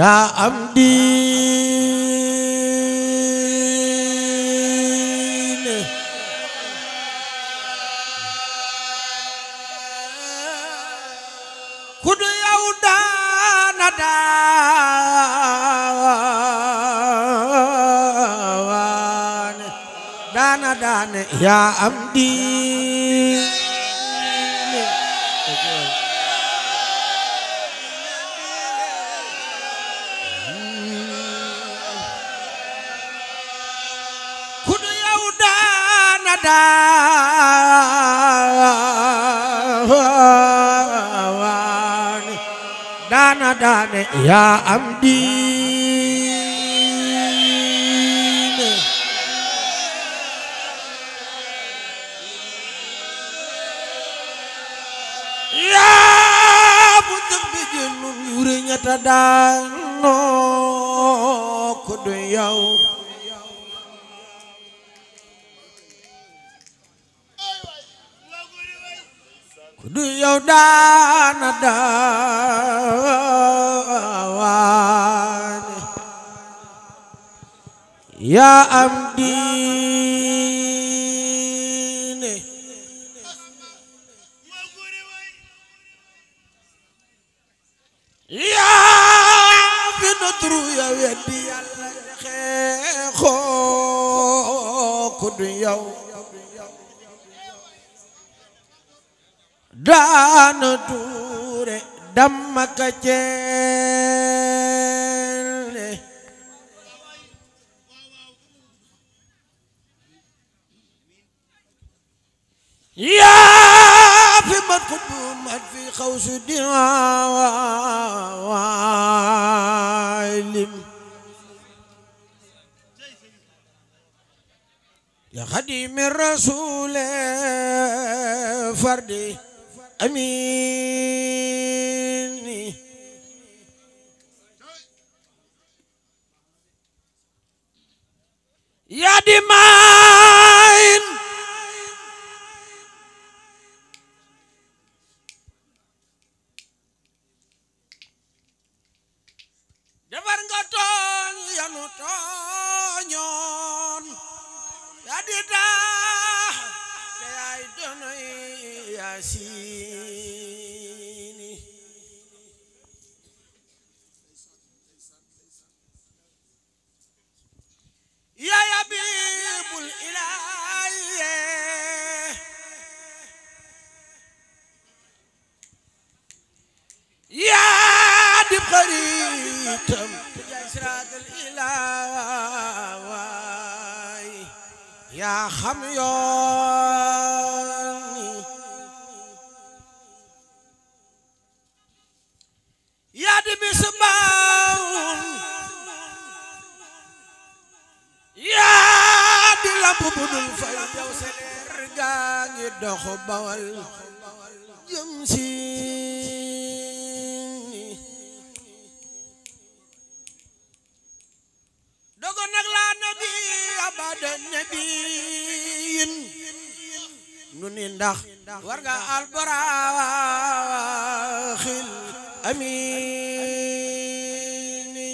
yaa am diine ku du yaw daana daane yaa am diine daawaan daana daane yaa am diine yaa bu tëb bi jënnun yuure ñetta daanoo ko doy yaw du yow daana daawaane yaa am diine yaa fi notru ya weddi yàlla xeexoo ku du yow daana duure damma ka ceele yaa fi mat ku duumat fi xawsu diwaalim ya xadimi rasuule fardi amiin yaa di mayin defar nga tooñ yanu tooñoon yaa di daa te yaay donoy yaa sii yaa di xaritam jaay siraatal ilaay yaa xam yoon yaa di misbaaw yaa di lamp bu dul fay yow sa leer gaa ngi dox bawal jëm si nag laa nabi abada nabiin nu ni ndax war nga alboraaxil amiini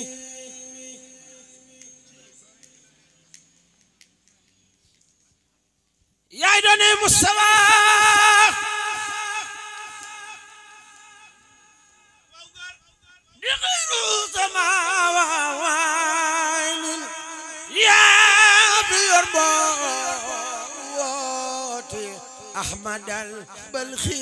yaay doone mustafa أحمد البلخي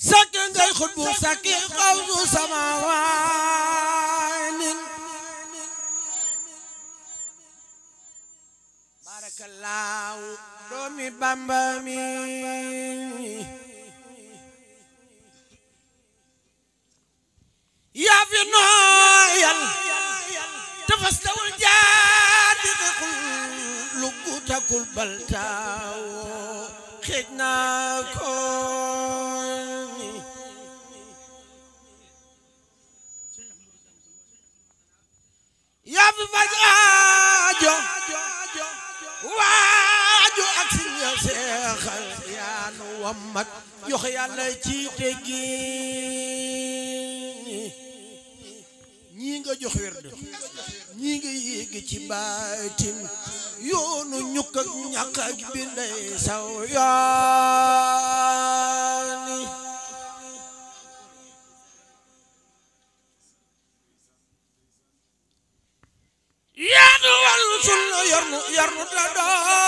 سكن زي خطب سكن قوز سماوان بارك الله دومي بامبامي faltaawo xëj naa ko yaa fi faj aajo waaju ak si ñu seexal yaa nu wammat yox yàlla ci teggi ñii nga jox werd ñii nga yéeg ci baatin yoonu ñukk ak ñàkk ak bi ndey saw yaani yaanu wàllu sun yornu yornu ta doon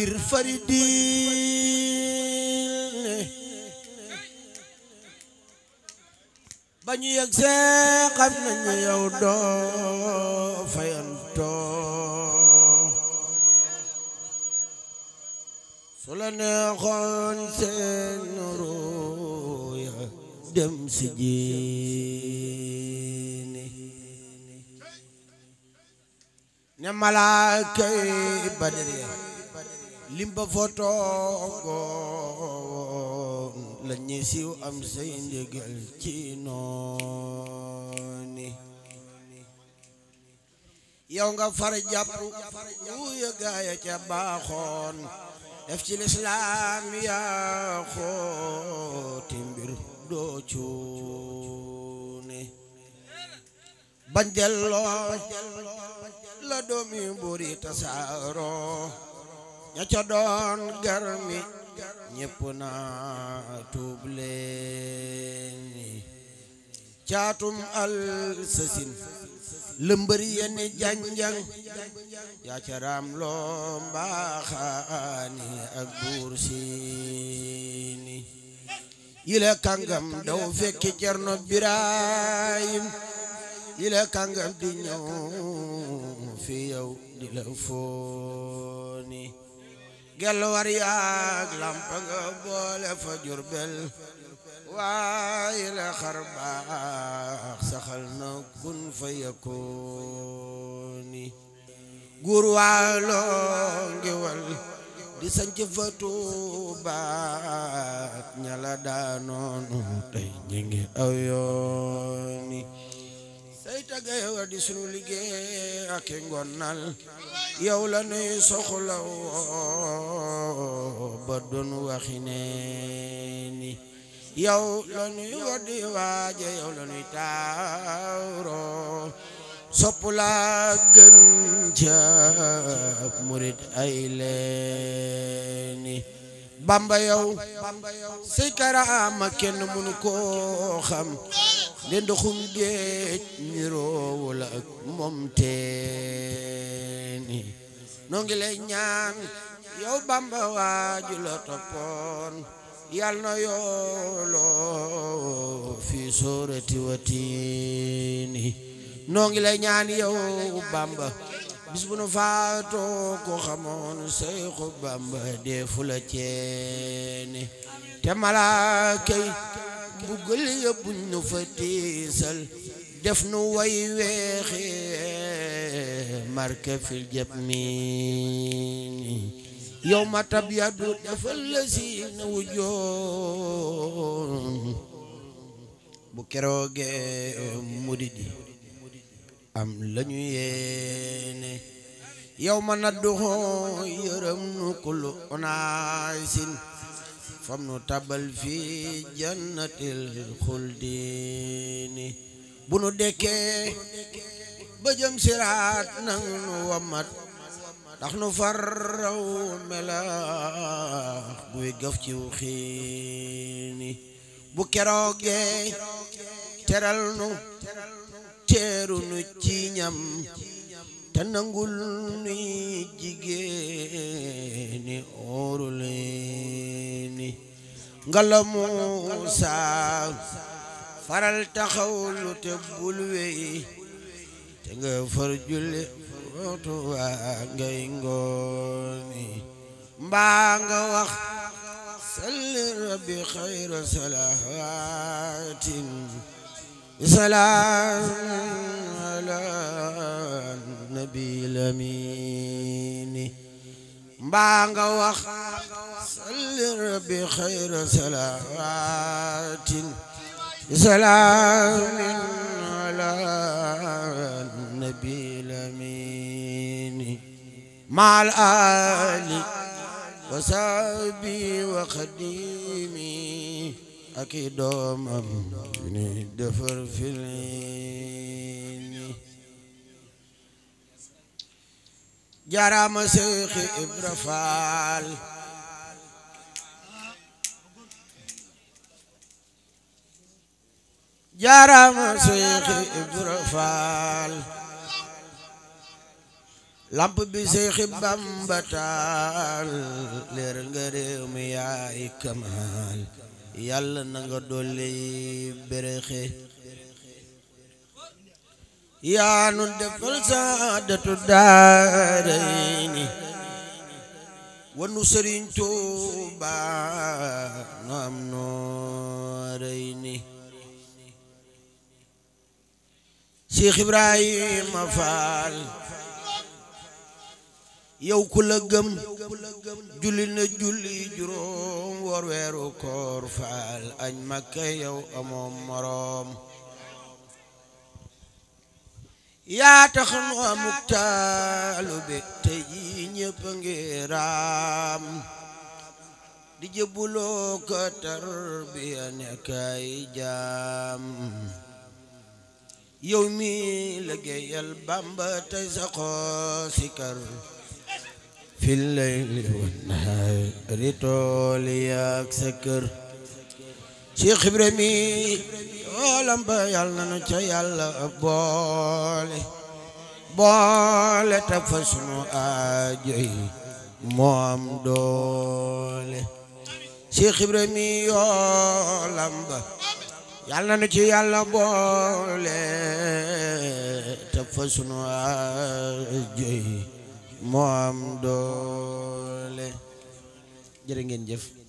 ngir faridi ba ñu yegg see xam nañu yow doo fayantoo su la neexoon seen ruuya dem si jiini ne malaakay badariya limba fotogoon la ñi am say ndigal ci nooni yow nga far jàpp wuya gaaya ca baaxoon def ci lislaam yaa xooti mbir doo cuune la doomi buuri tasaaroo ña ca doon garmi ñépp na tuub leen caatum al sasin lëmbër yenni janjang yaa ca raam ak buur siini kàngam daw fekki cerno biraayim yile kàngam di ñëw fi di la fooni gelwar yaag lampa nga boole fa jurbel waaye la xar baax saxal na kun fa yakooni guur waaloo wal di sanc fa tuubaat ñala daanoonu tey ñi aw yooni tey tagga yow di sunu liggéey ak i ngonal yow la nuy soxla woo ba doon waxi neeni yow la nuy waddi waaje yow la gën jaab murit ay leeni bamba yow si karaama kenn mënu li ndoxum géej niroowul ak moom teeni noo ngi lay ñaan yow bamba waaju la toppoon yal na yooloo fi sóorati watiini noo ngi lay ñaan yow bamba bis bu nu faatoo xamoon seyxu bamba deefu la ceeni te malaakay buggal ya buñ nu fa tiisal def nu way weexi marke fil jab miini yow ma tab yaddu defal la na wujoon bu kerooge murid yi am lañu yéene yow ma naddu yërëm nu kullu unaasin fam nu tabal fi jannatil xuldini bu nu dekkee ba jëm siraat nang nu wamat ndax nu farraw melax buy gaf ciw xiini bu keroogee teral nu teeru nu ci ñam te nangul nuy jigéeni óoruleeni ngala Muusa faral taxawlu te bul te nga far julli wootu waa ngay mbaa nga wax salli rabbi xayra salaatin salaam ala nabil amini mbaa nga wax salli rabbi xayra salaatin salaamin ala nabil amini maal ali wa saabi wa xadimi ak i jaaraama Seexi Ibra Ibra Faal lamp bi Seexi Bamba taal leeral nga réew mi yaay kamaal yàlla na nga dolli berexe yaa nu defal saadatu daarayni wanu sëriñ Tuuba nu am noorayni Cheikh Ibrahima Faal yow ku la gëm na julli juróom war weeru koor faal añ makka yow amoom moroom yaa tax nu amuk taalube te yi ñëpp ngi raam di jëbbuloo ko tarbiya nekk ay jaam yow mi liggéeyal Bàmba tey saxoo sikar fi layli wan nahaari tool yaak sa kër Cheikh Ibrahima toolam ba yàlla na ca yàlla boole boole ta fa sunu aajo moom doole Cheikh Ibrahima mi yoolam ba yàlla na ci yàlla boole ta fa sunu aajo moom doole jërë ngeen jëf